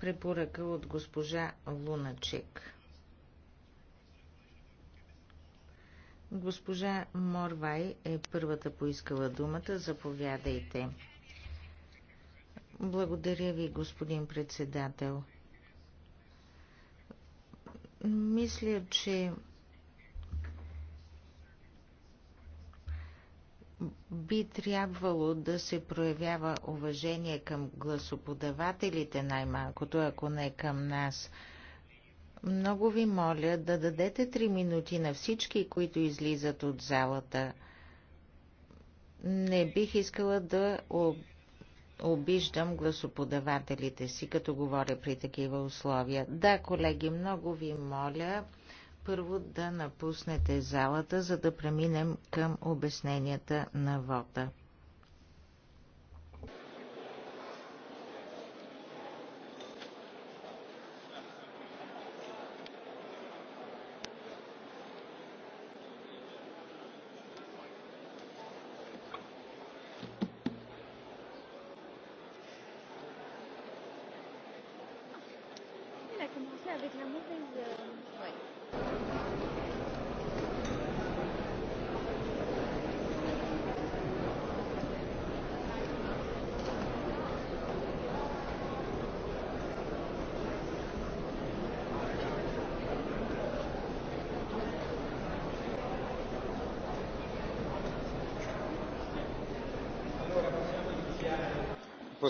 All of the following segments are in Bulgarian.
препоръка от госпожа Луначек. Госпожа Морвай е първата поискала думата. Заповядайте. Благодаря ви, господин председател. Мисля, че би трябвало да се проявява уважение към гласоподавателите най-малкото, ако не към нас. Много ви моля да дадете три минути на всички, които излизат от залата. Не бих искала да обиждам гласоподавателите си, като говоря при такива условия. Да, колеги, много ви моля първо да напуснете залата, за да преминем към обясненията на вода.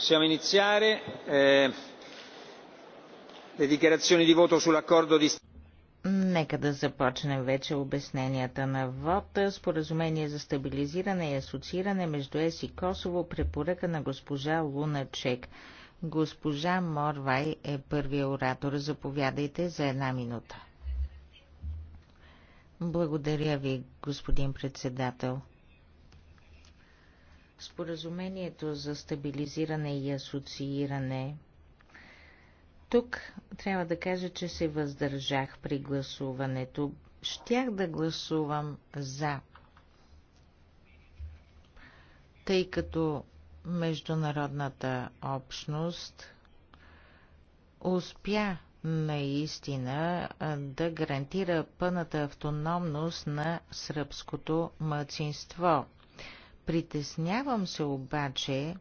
possiamo iniziare. Eh, le dichiarazioni di voto sull'accordo di... Нека да започнем вече обясненията на вода. Споразумение за стабилизиране и асоцииране между ЕС и Косово, препоръка на госпожа Луна Чек. Госпожа Морвай е първия оратор. Заповядайте за една минута. Благодаря ви, господин председател споразумението за стабилизиране и асоцииране. Тук трябва да кажа, че се въздържах при гласуването. Щях да гласувам за, тъй като международната общност успя наистина да гарантира пълната автономност на сръбското мъцинство. Притеснявам се обаче,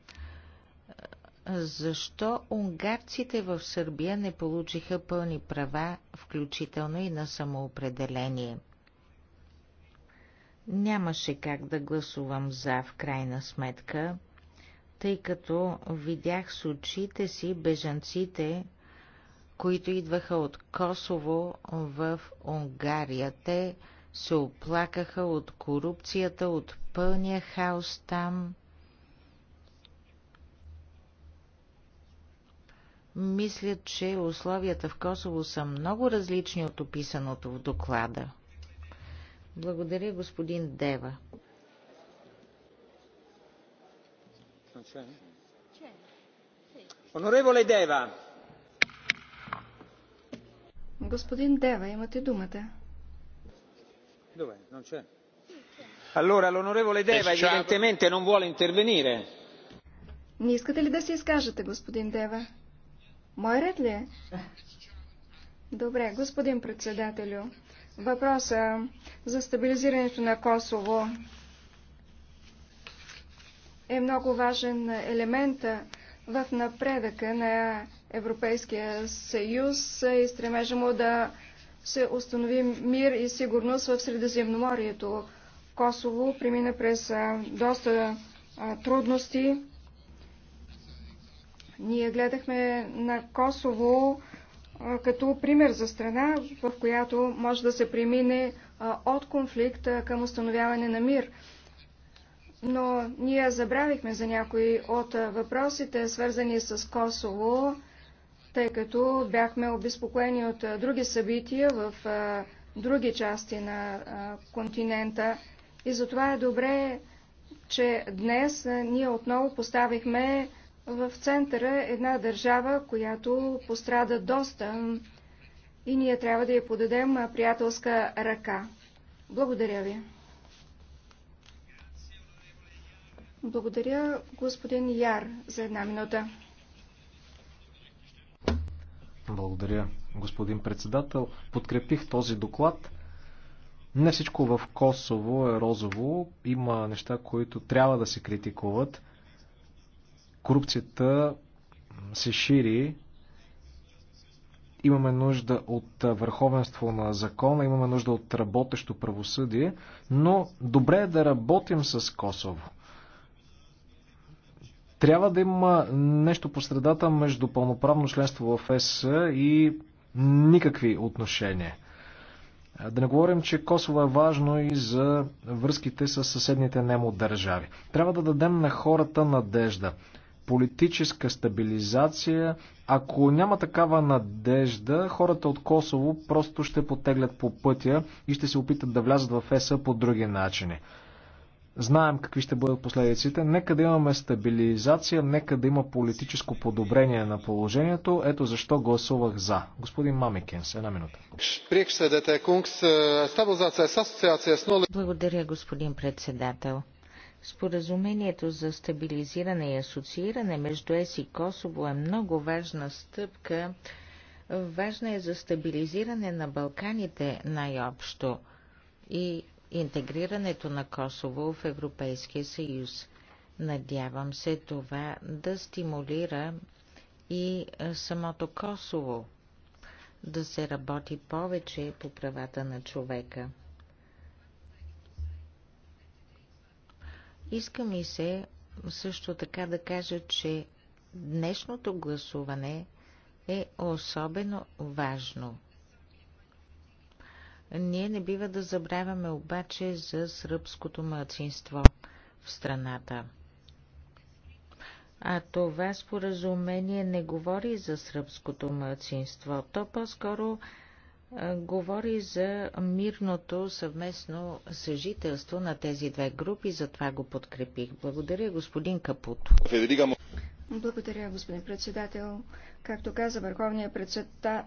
защо унгарците в Сърбия не получиха пълни права, включително и на самоопределение. Нямаше как да гласувам за в крайна сметка, тъй като видях с очите си бежанците, които идваха от Косово в Унгария. Те се оплакаха от корупцията, от пълния хаос там. Мисля, че условията в Косово са много различни от описаното в доклада. Благодаря, господин Дева. Онореволе Дева! Господин Дева, имате думата. Добре, non Allora, l'onorevole Дева evidentemente non vuole intervenire. Не искате ли да си изкажете, господин Дева? Мой ред ли е? Добре, господин председателю. Въпроса за стабилизирането на Косово е много важен елемент в напредъка на Европейския съюз и стремежа му да се установи мир и сигурност в Средиземноморието. Косово премина през доста трудности. Ние гледахме на Косово като пример за страна, в която може да се премине от конфликт към установяване на мир. Но ние забравихме за някои от въпросите, свързани с Косово, тъй като бяхме обезпокоени от други събития в други части на континента. И затова е добре, че днес ние отново поставихме в центъра една държава, която пострада доста и ние трябва да я подадем приятелска ръка. Благодаря ви. Благодаря, господин Яр, за една минута. Благодаря, господин председател. Подкрепих този доклад не всичко в Косово е розово. Има неща, които трябва да се критикуват. Корупцията се шири. Имаме нужда от върховенство на закона, имаме нужда от работещо правосъдие, но добре е да работим с Косово. Трябва да има нещо по средата между пълноправно членство в ЕС и никакви отношения. Да не говорим, че Косово е важно и за връзките с съседните немо държави. Трябва да дадем на хората надежда. Политическа стабилизация. Ако няма такава надежда, хората от Косово просто ще потеглят по пътя и ще се опитат да влязат в ЕСА по други начини. Знаем какви ще бъдат последиците. Нека да имаме стабилизация, нека да има политическо подобрение на положението. Ето защо гласувах за. Господин Мамикенс, една минута. Благодаря, господин председател. Споразумението за стабилизиране и асоцииране между ЕС и Косово е много важна стъпка. Важна е за стабилизиране на Балканите най-общо. И интегрирането на Косово в Европейския съюз. Надявам се това да стимулира и самото Косово да се работи повече по правата на човека. Иска ми се също така да кажа, че днешното гласуване е особено важно – ние не бива да забравяме обаче за сръбското мълцинство в страната. А това споразумение не говори за сръбското мълцинство, то по-скоро говори за мирното съвместно съжителство на тези две групи, затова го подкрепих. Благодаря, господин Капуто. Благодаря, господин председател. Както каза върховният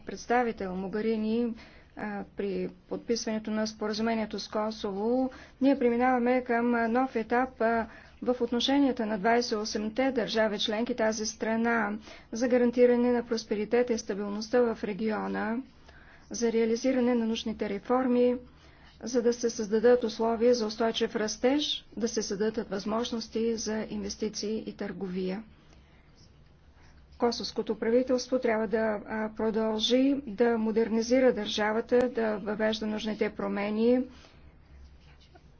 представител Могарини, при подписването на споразумението с Косово, ние преминаваме към нов етап в отношенията на 28-те държави членки тази страна за гарантиране на просперитета и стабилността в региона, за реализиране на нужните реформи, за да се създадат условия за устойчив растеж, да се създадат възможности за инвестиции и търговия. Косовското правителство трябва да продължи да модернизира държавата, да въвежда нужните промени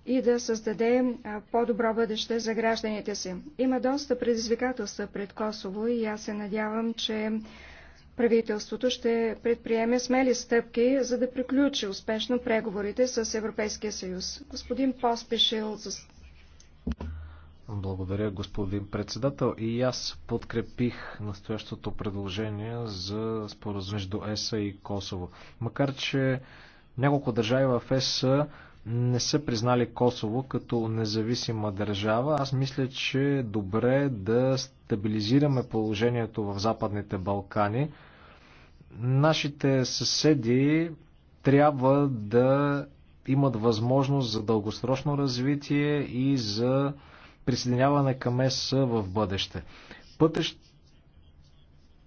и да създаде по-добро бъдеще за гражданите си. Има доста предизвикателства пред Косово и аз се надявам, че правителството ще предприеме смели стъпки, за да приключи успешно преговорите с Европейския съюз. Господин Поспешил, благодаря, господин председател. И аз подкрепих настоящото предложение за споразумение между ЕСА и Косово. Макар, че няколко държави в ЕСА не са признали Косово като независима държава, аз мисля, че е добре да стабилизираме положението в Западните Балкани. Нашите съседи трябва да имат възможност за дългосрочно развитие и за присъединяване към ЕС в бъдеще. Пътещ...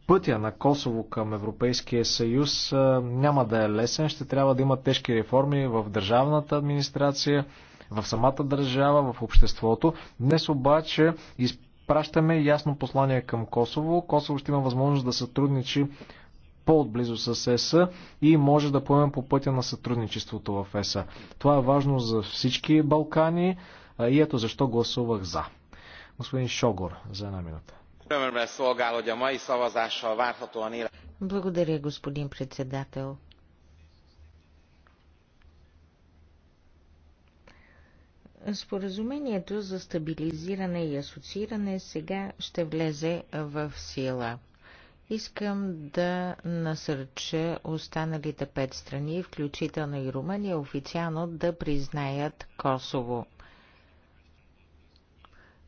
Пътя на Косово към Европейския съюз няма да е лесен. Ще трябва да има тежки реформи в държавната администрация, в самата държава, в обществото. Днес обаче изпращаме ясно послание към Косово. Косово ще има възможност да сътрудничи по-отблизо с ЕСА и може да поемем по пътя на сътрудничеството в ЕСА. Това е важно за всички Балкани, и ето защо гласувах за. Господин Шогор, за една минута. Благодаря, господин председател. Споразумението за стабилизиране и асоцииране сега ще влезе в сила. Искам да насърча останалите пет страни, включително и Румъния, официално да признаят Косово.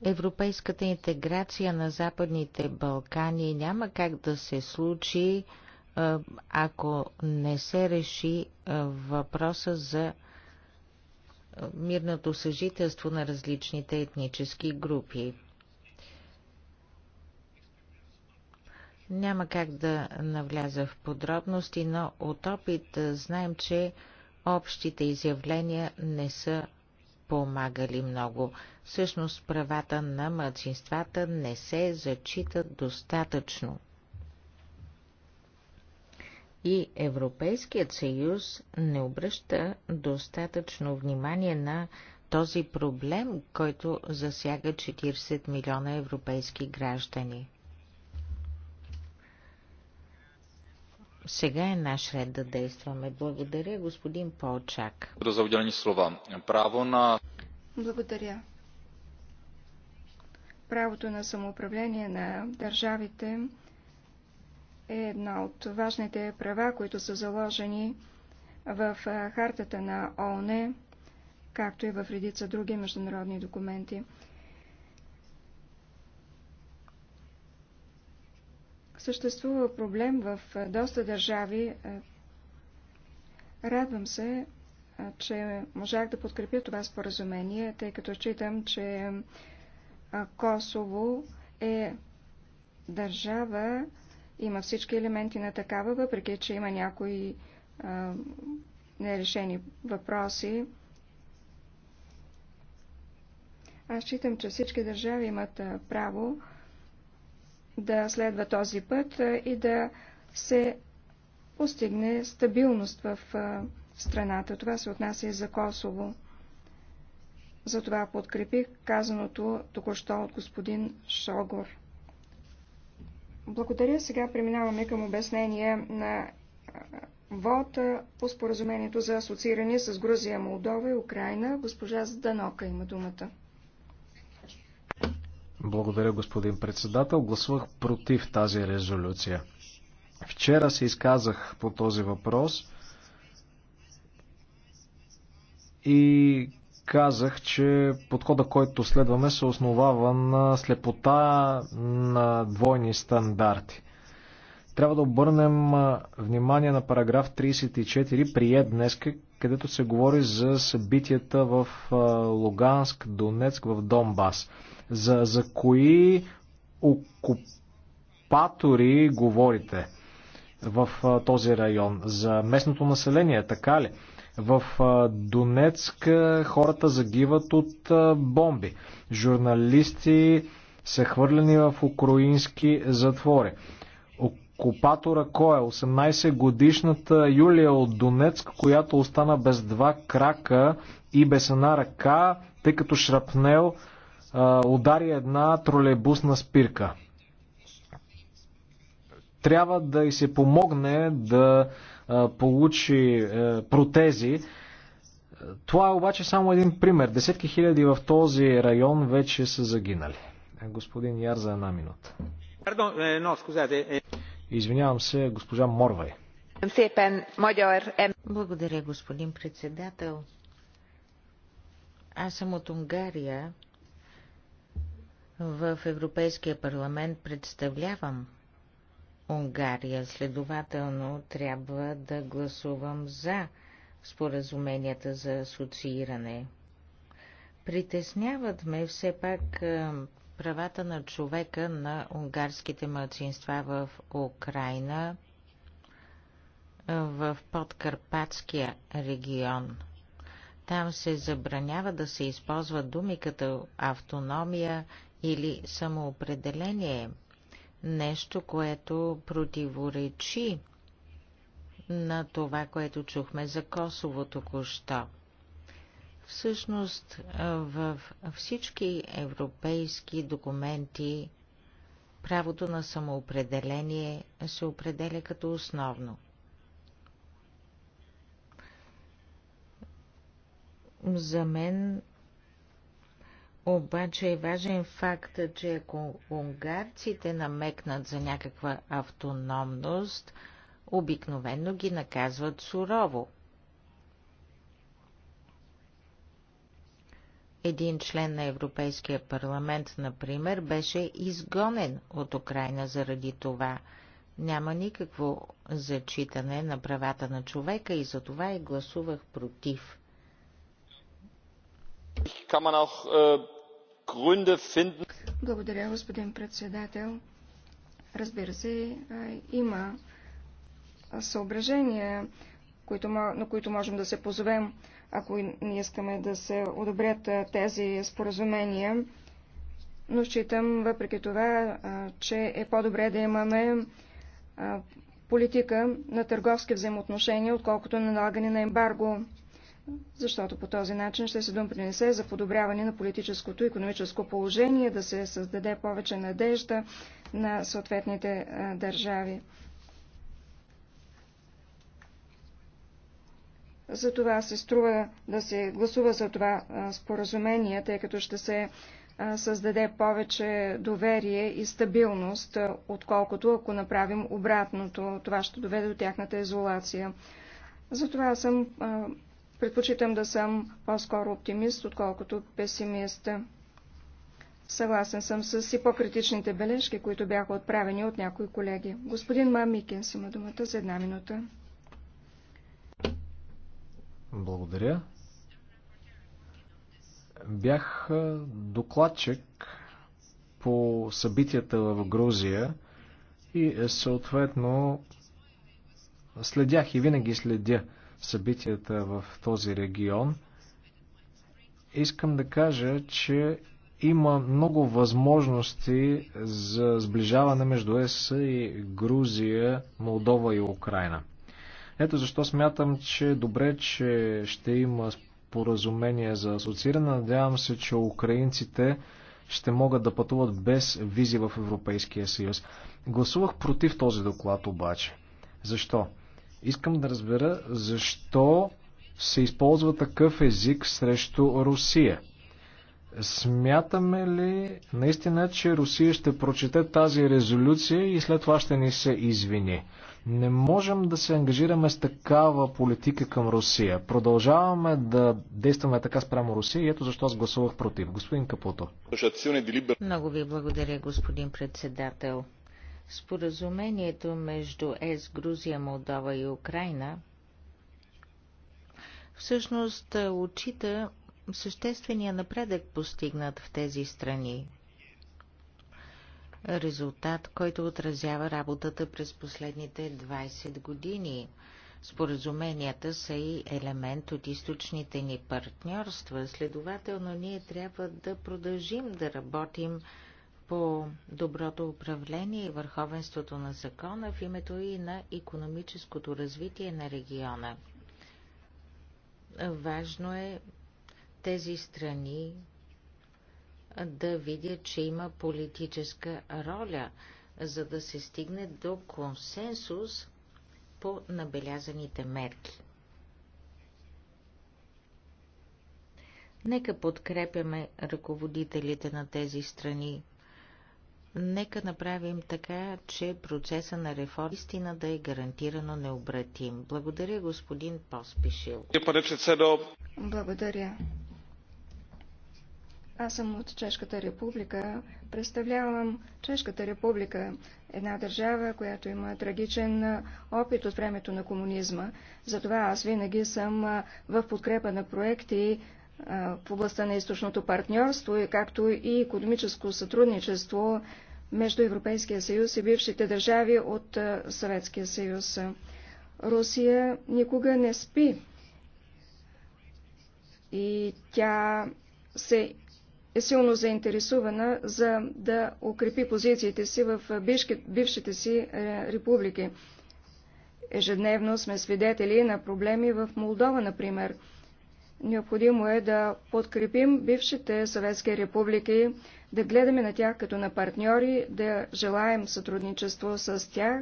Европейската интеграция на Западните Балкани няма как да се случи, ако не се реши въпроса за мирното съжителство на различните етнически групи. Няма как да навляза в подробности, но от опит знаем, че общите изявления не са помагали много. Всъщност правата на младсинствата не се зачитат достатъчно. И Европейският съюз не обръща достатъчно внимание на този проблем, който засяга 40 милиона европейски граждани. Сега е наш ред да действаме. Благодаря, господин Полчак. За отделени слова. Право на... Благодаря. Правото на самоуправление на държавите е една от важните права, които са заложени в хартата на ООН, както и в редица други международни документи. съществува проблем в доста държави. Радвам се, че можах да подкрепя това споразумение, тъй като считам, че Косово е държава, има всички елементи на такава, въпреки че има някои нерешени въпроси. Аз считам, че всички държави имат право да следва този път и да се постигне стабилност в страната. Това се отнася и за Косово. Затова подкрепих казаното току-що от господин Шогор. Благодаря. Сега преминаваме към обяснение на вота по споразумението за асоцииране с Грузия, Молдова и Украина. Госпожа Зданока има думата. Благодаря, господин председател. Гласувах против тази резолюция. Вчера се изказах по този въпрос и казах, че подхода, който следваме, се основава на слепота на двойни стандарти. Трябва да обърнем внимание на параграф 34, прият днес, където се говори за събитията в Луганск, Донецк, в Донбас. За, за кои окупатори говорите в този район? За местното население, така ли? В Донецк хората загиват от бомби. Журналисти са хвърлени в украински затвори. Окупатора кой е? 18 годишната Юлия от Донецк, която остана без два крака и без една ръка, тъй като шрапнел удари една тролейбусна спирка. Трябва да й се помогне да получи е, протези. Това е обаче само един пример. Десетки хиляди в този район вече са загинали. Е, господин Яр за една минута. Е, Извинявам се, госпожа Морвай. Благодаря, господин председател. Аз съм от Унгария в Европейския парламент представлявам Унгария, следователно трябва да гласувам за споразуменията за асоцииране. Притесняват ме все пак е, правата на човека на унгарските младсинства в Украина, в подкарпатския регион. Там се забранява да се използват думи като автономия или самоопределение, е нещо, което противоречи на това, което чухме за Косово току-що. Всъщност, в всички европейски документи правото на самоопределение се определя като основно. За мен обаче е важен факт, че ако унгарците намекнат за някаква автономност, обикновено ги наказват сурово. Един член на Европейския парламент, например, беше изгонен от Украина заради това. Няма никакво зачитане на правата на човека и за това и гласувах против. Kann man auch, äh Gründe finden. Благодаря, господин председател. Разбира се, има съображения, на които можем да се позовем, ако не искаме да се одобрят тези споразумения. Но считам, въпреки това, че е по-добре да имаме политика на търговски взаимоотношения, отколкото на налагане на ембарго защото по този начин ще се допринесе за подобряване на политическото и економическо положение, да се създаде повече надежда на съответните държави. За това се струва да се гласува за това споразумение, тъй като ще се създаде повече доверие и стабилност, отколкото ако направим обратното. Това ще доведе до тяхната изолация. Затова съм Предпочитам да съм по-скоро оптимист, отколкото песимист. Съгласен съм с и по-критичните бележки, които бяха отправени от някои колеги. Господин Мамикин, си има думата за една минута. Благодаря. Бях докладчик по събитията в Грузия и е, съответно следях и винаги следя събитията в този регион, искам да кажа, че има много възможности за сближаване между ЕС и Грузия, Молдова и Украина. Ето защо смятам, че добре, че ще има споразумение за асоцииране. Надявам се, че украинците ще могат да пътуват без визи в Европейския съюз. Гласувах против този доклад обаче. Защо? Искам да разбера защо се използва такъв език срещу Русия. Смятаме ли наистина, че Русия ще прочете тази резолюция и след това ще ни се извини? Не можем да се ангажираме с такава политика към Русия. Продължаваме да действаме така спрямо Русия и ето защо аз гласувах против. Господин Капото. Много ви благодаря, господин председател. Споразумението между ЕС, Грузия, Молдова и Украина всъщност е, отчита съществения напредък постигнат в тези страни. Резултат, който отразява работата през последните 20 години. Споразуменията са и елемент от източните ни партньорства, следователно ние трябва да продължим да работим по доброто управление и върховенството на закона в името и на економическото развитие на региона. Важно е тези страни да видят, че има политическа роля, за да се стигне до консенсус по набелязаните мерки. Нека подкрепяме ръководителите на тези страни Нека направим така, че процеса на реформа истина да е гарантирано необратим. Благодаря, господин Поспишил. Е, Благодаря. Аз съм от Чешката република. Представлявам Чешката република, една държава, която има трагичен опит от времето на комунизма. Затова аз винаги съм в подкрепа на проекти в областта на източното партньорство, както и економическо сътрудничество между Европейския съюз и бившите държави от Съветския съюз. Русия никога не спи и тя се е силно заинтересувана за да укрепи позициите си в бившите си е, републики. Ежедневно сме свидетели на проблеми в Молдова, например – Необходимо е да подкрепим бившите съветски републики, да гледаме на тях като на партньори, да желаем сътрудничество с тях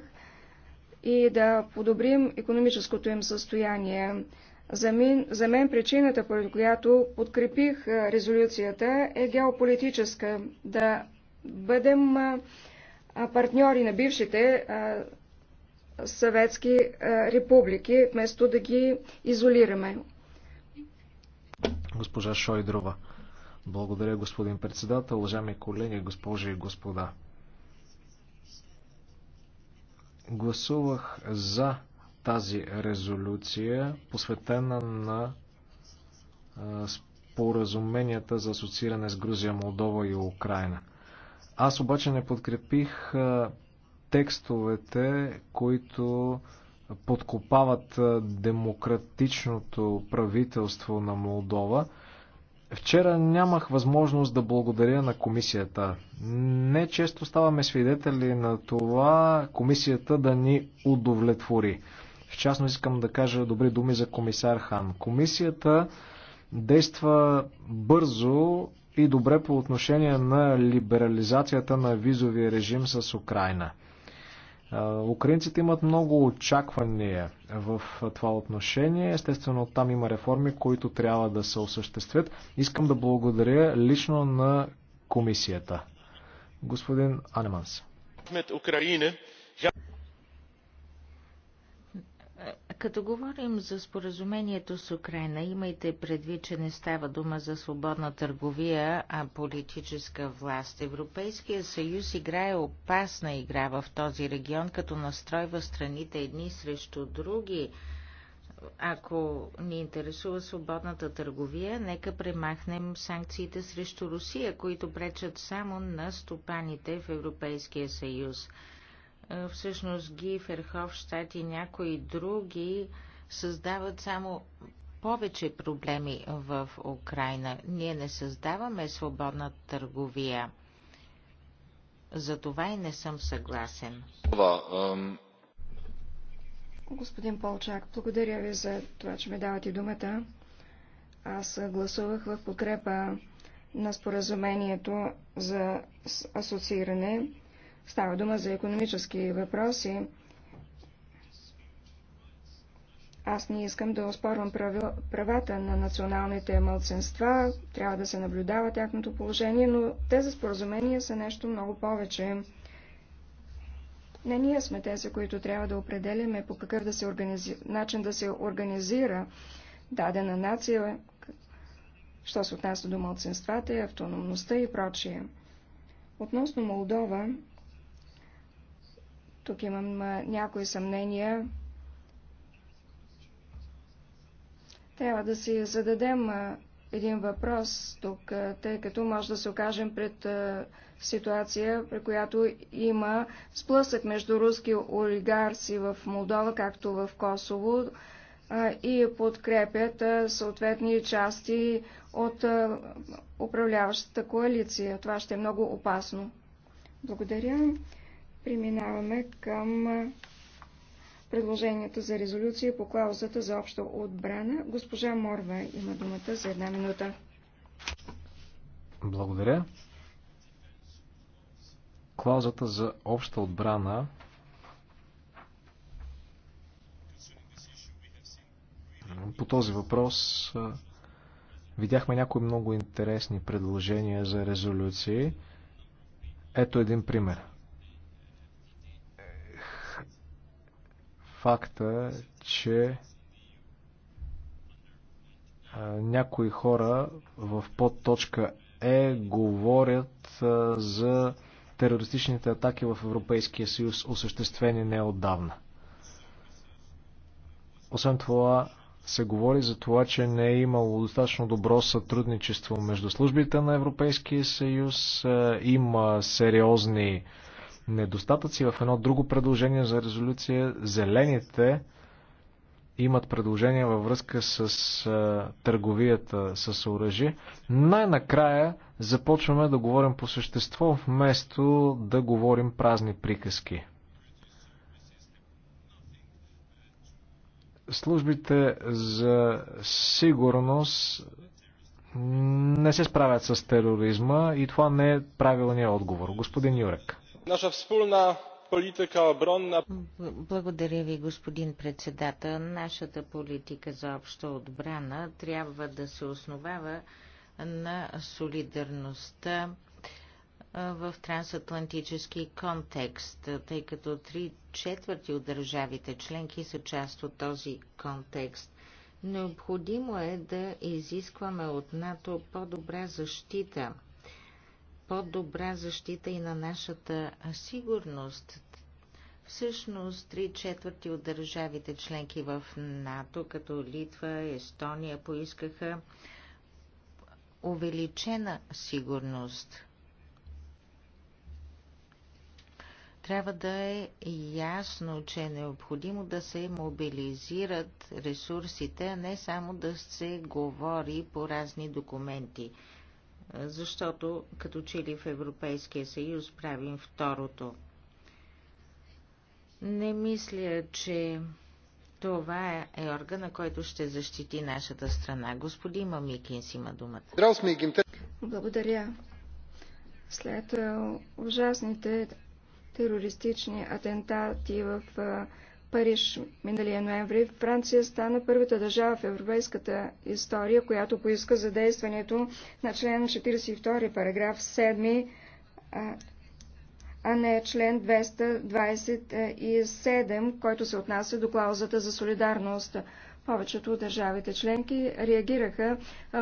и да подобрим економическото им състояние. За мен, за мен причината, поради която подкрепих резолюцията, е геополитическа. Да бъдем партньори на бившите съветски републики, вместо да ги изолираме Госпожа Шойдрова. Благодаря, господин председател, уважаеми колеги, госпожи и господа. Гласувах за тази резолюция, посветена на споразуменията за асоцииране с Грузия, Молдова и Украина. Аз обаче не подкрепих текстовете, които подкопават демократичното правителство на Молдова. Вчера нямах възможност да благодаря на комисията. Не често ставаме свидетели на това комисията да ни удовлетвори. В частност искам да кажа добри думи за комисар Хан. Комисията действа бързо и добре по отношение на либерализацията на визовия режим с Украина – Украинците имат много очаквания в това отношение. Естествено, там има реформи, които трябва да се осъществят. Искам да благодаря лично на комисията. Господин Анеманс. Като говорим за споразумението с Украина, имайте предвид, че не става дума за свободна търговия, а политическа власт. Европейския съюз играе опасна игра в този регион, като настройва страните едни срещу други. Ако ни интересува свободната търговия, нека премахнем санкциите срещу Русия, които пречат само на стопаните в Европейския съюз. Е, всъщност Ги Ферховщад и някои други създават само повече проблеми в Украина. Ние не създаваме свободна търговия. За това и не съм съгласен. Господин Полчак, благодаря ви за това, че ми давате думата. Аз гласувах в подкрепа на споразумението за асоцииране Става дума за економически въпроси. Аз не искам да оспорвам правата на националните мълценства, трябва да се наблюдава тяхното положение, но тези споразумения са нещо много повече. Не ние сме тези, които трябва да определяме по какъв да се организи... начин да се организира дадена нация, що се отнася до мълценствата и автономността и прочие. Относно Молдова, тук имам някои съмнения. Трябва да си зададем един въпрос тук, тъй като може да се окажем пред ситуация, при която има сплъсък между руски олигарси в Молдова, както в Косово, и подкрепят съответни части от управляващата коалиция. Това ще е много опасно. Благодаря. Преминаваме към предложението за резолюция по клаузата за обща отбрана. Госпожа Морва има думата за една минута. Благодаря. Клаузата за обща отбрана по този въпрос видяхме някои много интересни предложения за резолюции. Ето един пример. факта, че някои хора в подточка Е говорят за терористичните атаки в Европейския съюз, осъществени неотдавна. Освен това, се говори за това, че не е имало достатъчно добро сътрудничество между службите на Европейския съюз. Има сериозни недостатъци в едно друго предложение за резолюция. Зелените имат предложения във връзка с а, търговията с оръжие. Най-накрая започваме да говорим по същество, вместо да говорим празни приказки. Службите за сигурност не се справят с тероризма и това не е правилният отговор. Господин Юрек. Наша wspólna политика обронна. Благодаря ви, господин председател. Нашата политика за обща отбрана трябва да се основава на солидарността в трансатлантически контекст, тъй като три четвърти от държавите членки са част от този контекст. Необходимо е да изискваме от НАТО по-добра защита – по-добра защита и на нашата сигурност. Всъщност, три четвърти от държавите членки в НАТО, като Литва, Естония, поискаха увеличена сигурност. Трябва да е ясно, че е необходимо да се мобилизират ресурсите, а не само да се говори по разни документи защото като че ли в Европейския съюз правим второто. Не мисля, че това е органа, който ще защити нашата страна. Господин Мамикинс има думата. Благодаря. След е, ужасните терористични атентати в е, Париж миналия ноември, Франция стана първата държава в европейската история, която поиска задействането на член 42, параграф 7, а не член 227, който се отнася до клаузата за солидарност. Повечето от държавите членки реагираха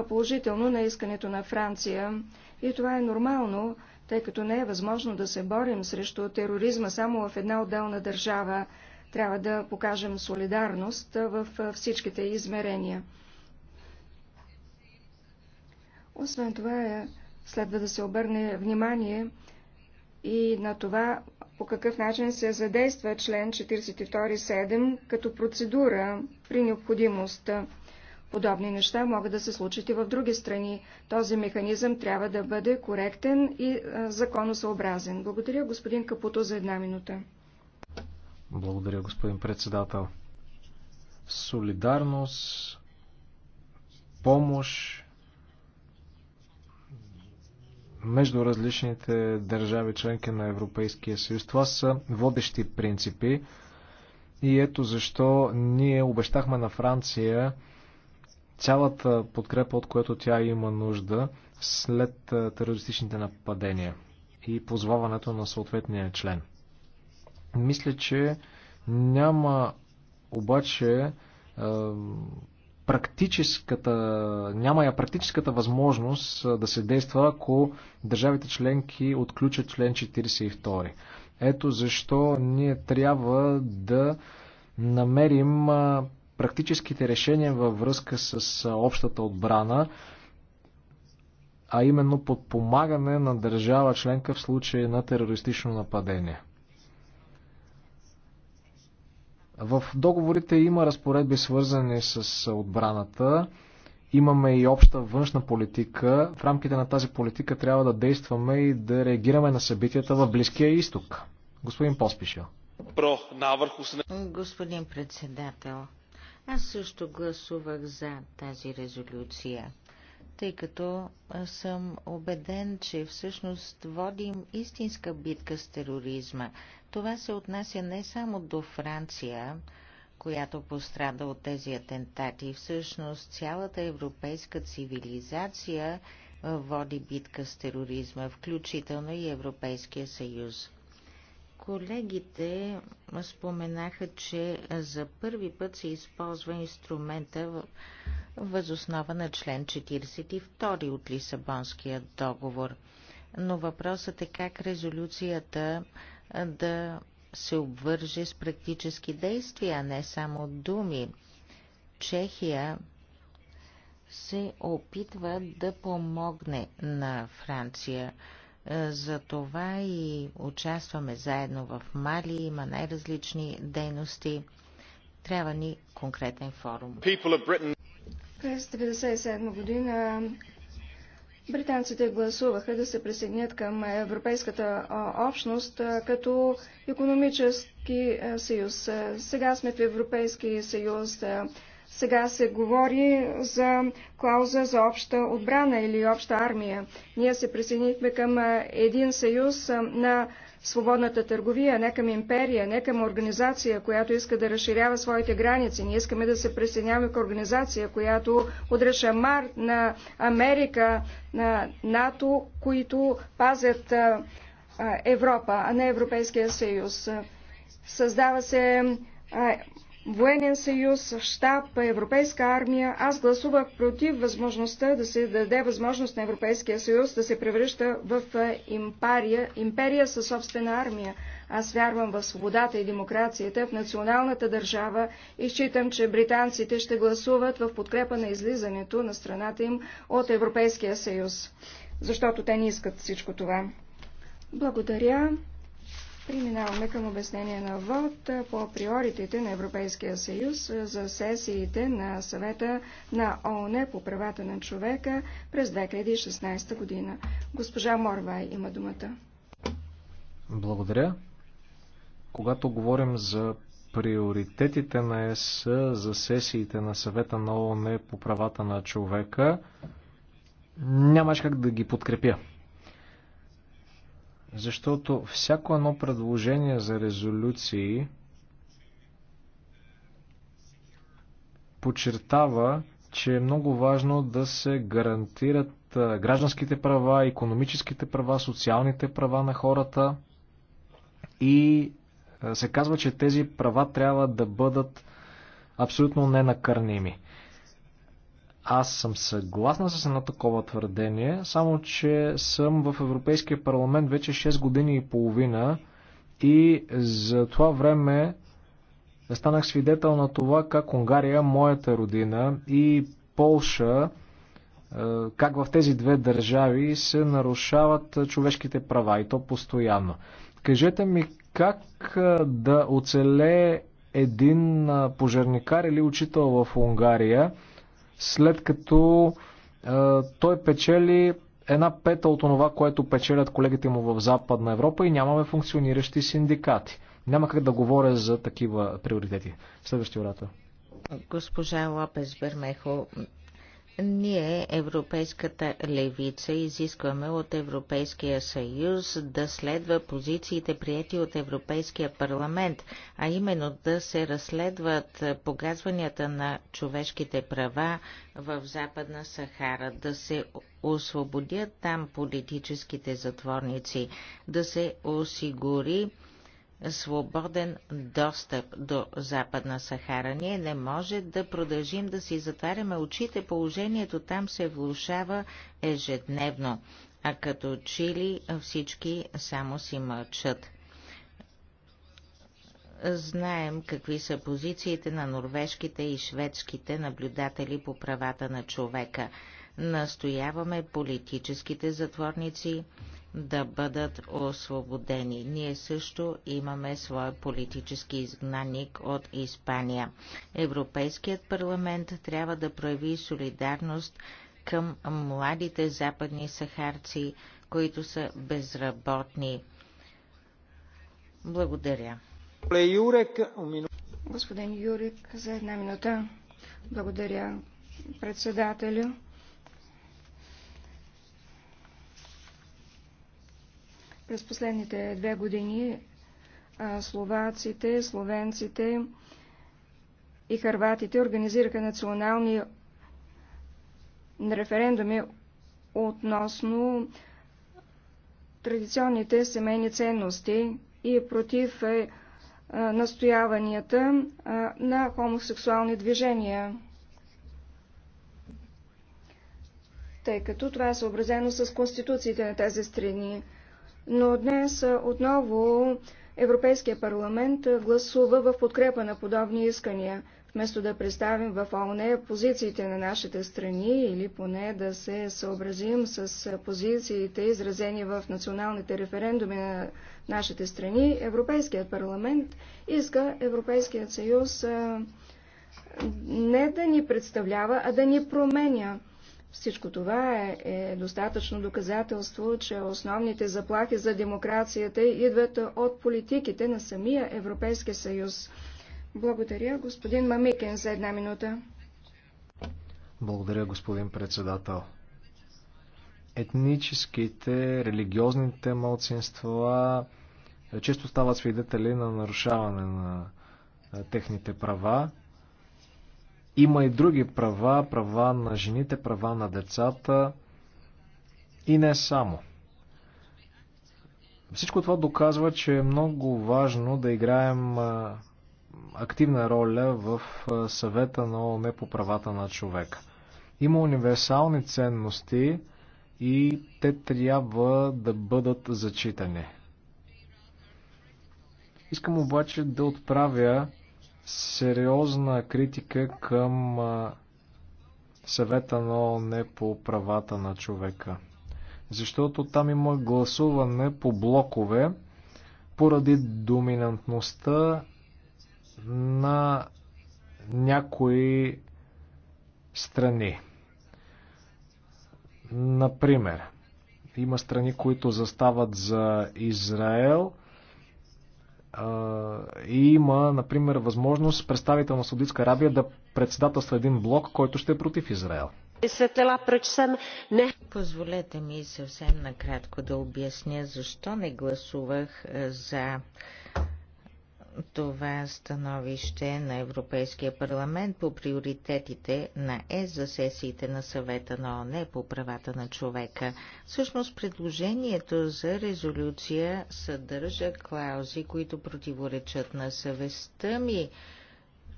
положително на искането на Франция. И това е нормално, тъй като не е възможно да се борим срещу тероризма само в една отделна държава. Трябва да покажем солидарност в всичките измерения. Освен това, е, следва да се обърне внимание и на това, по какъв начин се задейства член 42.7 като процедура при необходимост. Подобни неща могат да се случат и в други страни. Този механизъм трябва да бъде коректен и законосъобразен. Благодаря господин Капуто за една минута. Благодаря, господин председател. Солидарност, помощ между различните държави членки на Европейския съюз. Това са водещи принципи. И ето защо ние обещахме на Франция цялата подкрепа, от която тя има нужда след терористичните нападения и позваването на съответния член. Мисля, че няма обаче практическата, няма я практическата възможност да се действа, ако държавите членки отключат член 42. Ето защо ние трябва да намерим практическите решения във връзка с общата отбрана, а именно подпомагане на държава членка в случай на терористично нападение. В договорите има разпоредби свързани с отбраната. Имаме и обща външна политика. В рамките на тази политика трябва да действаме и да реагираме на събитията в Близкия изток. Господин Поспишил. Господин председател, аз също гласувах за тази резолюция, тъй като съм убеден, че всъщност водим истинска битка с тероризма. Това се отнася не само до Франция, която пострада от тези атентати. Всъщност цялата европейска цивилизация води битка с тероризма, включително и Европейския съюз. Колегите споменаха, че за първи път се използва инструмента възоснова на член 42 от Лисабонския договор. Но въпросът е как резолюцията да се обвърже с практически действия, а не само думи. Чехия се опитва да помогне на Франция. Е, за това и участваме заедно в Мали, има най-различни дейности. Трябва ни конкретен форум. През 1997 година Британците гласуваха да се присъединят към Европейската общност като економически съюз. Сега сме в Европейски съюз. Сега се говори за клауза за обща отбрана или обща армия. Ние се присъединихме към един съюз на свободната търговия, не към империя, не към организация, която иска да разширява своите граници. Ние искаме да се присъединяваме към организация, която удреша мар на Америка, на НАТО, които пазят Европа, а не Европейския съюз. Създава се военен съюз, щаб, европейска армия, аз гласувах против възможността да се даде възможност на Европейския съюз да се превръща в импария, империя със собствена армия. Аз вярвам в свободата и демокрацията в националната държава и считам, че британците ще гласуват в подкрепа на излизането на страната им от Европейския съюз, защото те не искат всичко това. Благодаря. Преминаваме към обяснение на ВОД по приоритите на Европейския съюз за сесиите на съвета на ООН по правата на човека през 2016 година. Госпожа Морвай има думата. Благодаря. Когато говорим за приоритетите на ЕС за сесиите на съвета на ООН по правата на човека, нямаш как да ги подкрепя защото всяко едно предложение за резолюции подчертава, че е много важно да се гарантират гражданските права, економическите права, социалните права на хората и се казва, че тези права трябва да бъдат абсолютно ненакърними. Аз съм съгласна с едно такова твърдение, само че съм в Европейския парламент вече 6 години и половина и за това време станах свидетел на това как Унгария, моята родина и Полша, е, как в тези две държави се нарушават човешките права и то постоянно. Кажете ми как е, да оцелее един е, пожарникар или учител в Унгария, след като е, той печели една пета от това, което печелят колегите му в Западна Европа и нямаме функциониращи синдикати. Няма как да говоря за такива приоритети. Следващия оратор. Госпожа Лопес Бермехо, ние, Европейската левица, изискваме от Европейския съюз да следва позициите прияти от Европейския парламент, а именно да се разследват погазванията на човешките права в Западна Сахара, да се освободят там политическите затворници, да се осигури свободен достъп до Западна Сахара. Ние не може да продължим да си затваряме очите. Положението там се влушава ежедневно, а като чили всички само си мълчат. Знаем какви са позициите на норвежките и шведските наблюдатели по правата на човека. Настояваме политическите затворници да бъдат освободени. Ние също имаме своя политически изгнаник от Испания. Европейският парламент трябва да прояви солидарност към младите западни сахарци, които са безработни. Благодаря. Господин Юрик, за една минута. Благодаря, председателю. През последните две години словаците, словенците и харватите организираха национални референдуми относно традиционните семейни ценности и против е, настояванията на хомосексуални движения. Тъй като това е съобразено с конституциите на тези страни но днес отново Европейския парламент гласува в подкрепа на подобни искания, вместо да представим в ООН позициите на нашите страни или поне да се съобразим с позициите, изразени в националните референдуми на нашите страни. Европейският парламент иска Европейският съюз не да ни представлява, а да ни променя. Всичко това е, е достатъчно доказателство, че основните заплахи за демокрацията идват от политиките на самия Европейски съюз. Благодаря, господин Мамикен, за една минута. Благодаря, господин председател. Етническите, религиозните малцинства често стават свидетели на нарушаване на техните права. Има и други права, права на жените, права на децата и не само. Всичко това доказва, че е много важно да играем активна роля в съвета на ОНЕ по правата на човека. Има универсални ценности и те трябва да бъдат зачитани. Искам обаче да отправя сериозна критика към съвета на ООН по правата на човека. Защото там има гласуване по блокове поради доминантността на някои страни. Например, има страни, които застават за Израел – има, например, възможност представител на Саудитска Арабия да председателства един блок, който ще е против Израел. Позволете ми съвсем накратко да обясня защо не гласувах за това становище на Европейския парламент по приоритетите на ЕС за сесиите на съвета на ОНЕ по правата на човека. Всъщност предложението за резолюция съдържа клаузи, които противоречат на съвестта ми.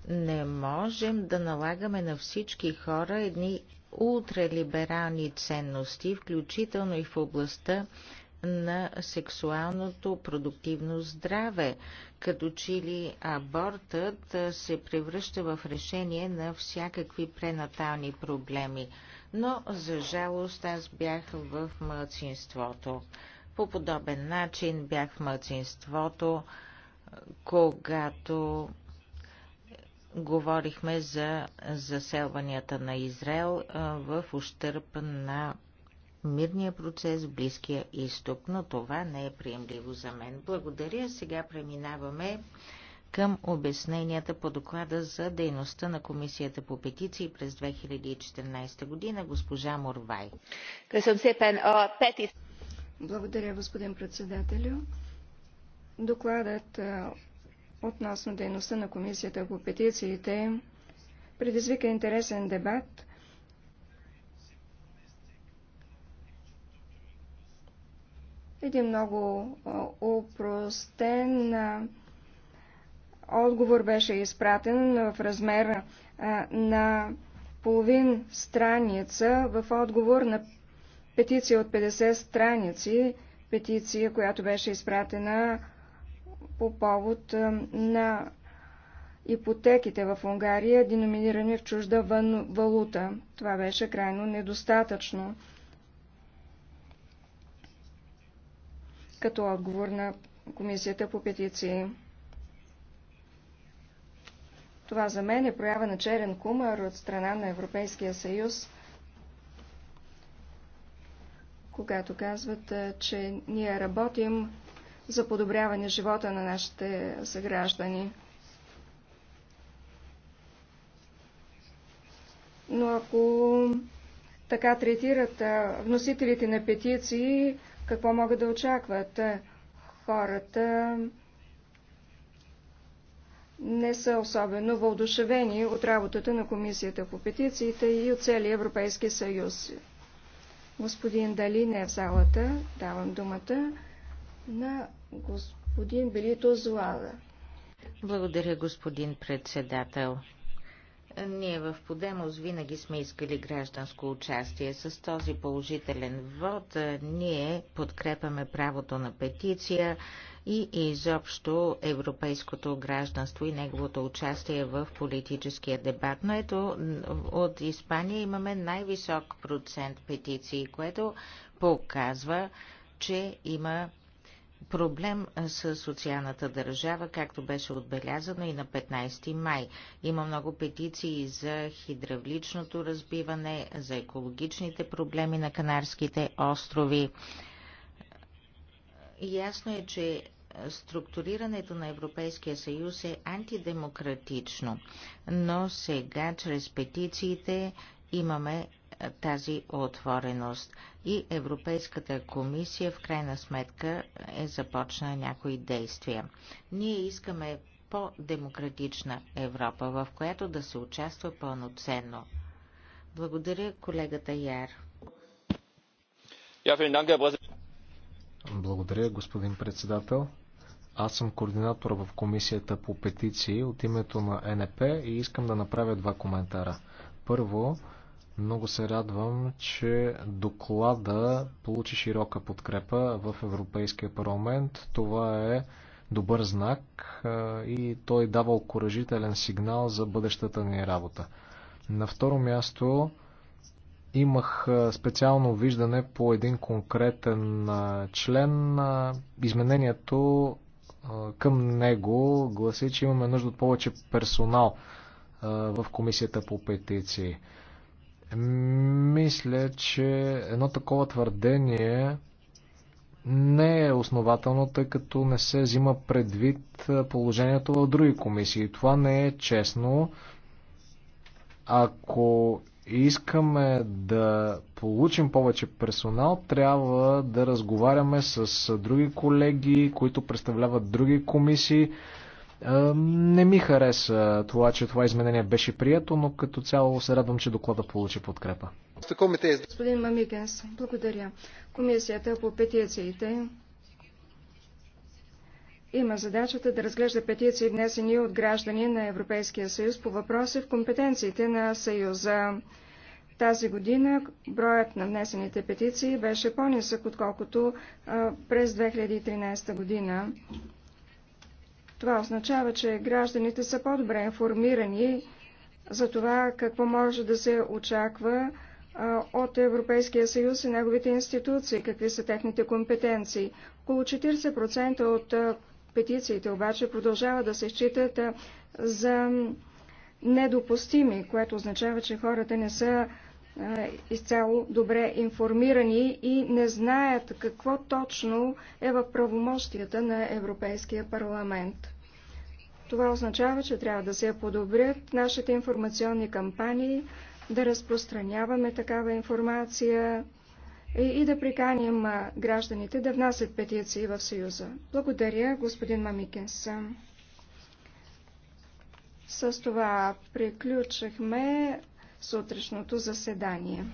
Не можем да налагаме на всички хора едни ултралиберални ценности, включително и в областта на сексуалното продуктивно здраве. Като че ли абортът се превръща в решение на всякакви пренатални проблеми. Но, за жалост, аз бях в мълцинството. По подобен начин бях в мълцинството, когато говорихме за заселванията на Израел в ущърп на мирния процес в Близкия изток, но това не е приемливо за мен. Благодаря. Сега преминаваме към обясненията по доклада за дейността на Комисията по петиции през 2014 година, госпожа Морвай. Благодаря, господин председателю. Докладът относно дейността на Комисията по петициите предизвика интересен дебат един много упростен отговор беше изпратен в размер на половин страница в отговор на петиция от 50 страници, петиция, която беше изпратена по повод на ипотеките в Унгария, деноминирани в чужда валута. Това беше крайно недостатъчно. като отговор на Комисията по петиции. Това за мен е проява на черен кумър от страна на Европейския съюз, когато казват, че ние работим за подобряване живота на нашите съграждани. Но ако така третират вносителите на петиции, какво могат да очакват? Хората не са особено въодушевени от работата на Комисията по петициите и от целия Европейски съюз. Господин Дали не е в залата. Давам думата на господин Белито Злада. Благодаря, господин председател. Ние в Подемос винаги сме искали гражданско участие. С този положителен вод ние подкрепаме правото на петиция и изобщо европейското гражданство и неговото участие в политическия дебат. Но ето, от Испания имаме най-висок процент петиции, което показва, че има проблем с социалната държава, както беше отбелязано и на 15 май. Има много петиции за хидравличното разбиване, за екологичните проблеми на Канарските острови. Ясно е, че структурирането на Европейския съюз е антидемократично, но сега чрез петициите имаме тази отвореност. И Европейската комисия в крайна сметка е започна някои действия. Ние искаме по-демократична Европа, в която да се участва пълноценно. Благодаря колегата Яр. Благодаря, господин председател. Аз съм координатор в комисията по петиции от името на НП и искам да направя два коментара. Първо, много се радвам, че доклада получи широка подкрепа в Европейския парламент. Това е добър знак и той дава окоръжителен сигнал за бъдещата ни работа. На второ място имах специално виждане по един конкретен член. Изменението към него гласи, че имаме нужда от повече персонал в комисията по петиции. Мисля, че едно такова твърдение не е основателно, тъй като не се взима предвид положението в други комисии. Това не е честно. Ако искаме да получим повече персонал, трябва да разговаряме с други колеги, които представляват други комисии. Е, не ми хареса това, че това изменение беше прието, но като цяло се радвам, че доклада получи подкрепа. Господин Мамигенс, благодаря. Комисията по петициите има задачата да разглежда петиции внесени от граждани на Европейския съюз по въпроси в компетенциите на съюза. Тази година броят на внесените петиции беше по-нисък, отколкото през 2013 година. Това означава, че гражданите са по-добре информирани за това какво може да се очаква от Европейския съюз и неговите институции, какви са техните компетенции. Около 40% от петициите обаче продължават да се считат за недопустими, което означава, че хората не са изцяло добре информирани и не знаят какво точно е в правомощията на Европейския парламент. Това означава, че трябва да се подобрят нашите информационни кампании, да разпространяваме такава информация и, и да приканим гражданите да внасят петиции в Съюза. Благодаря, господин Мамикенс. С това приключихме сутрешното заседание.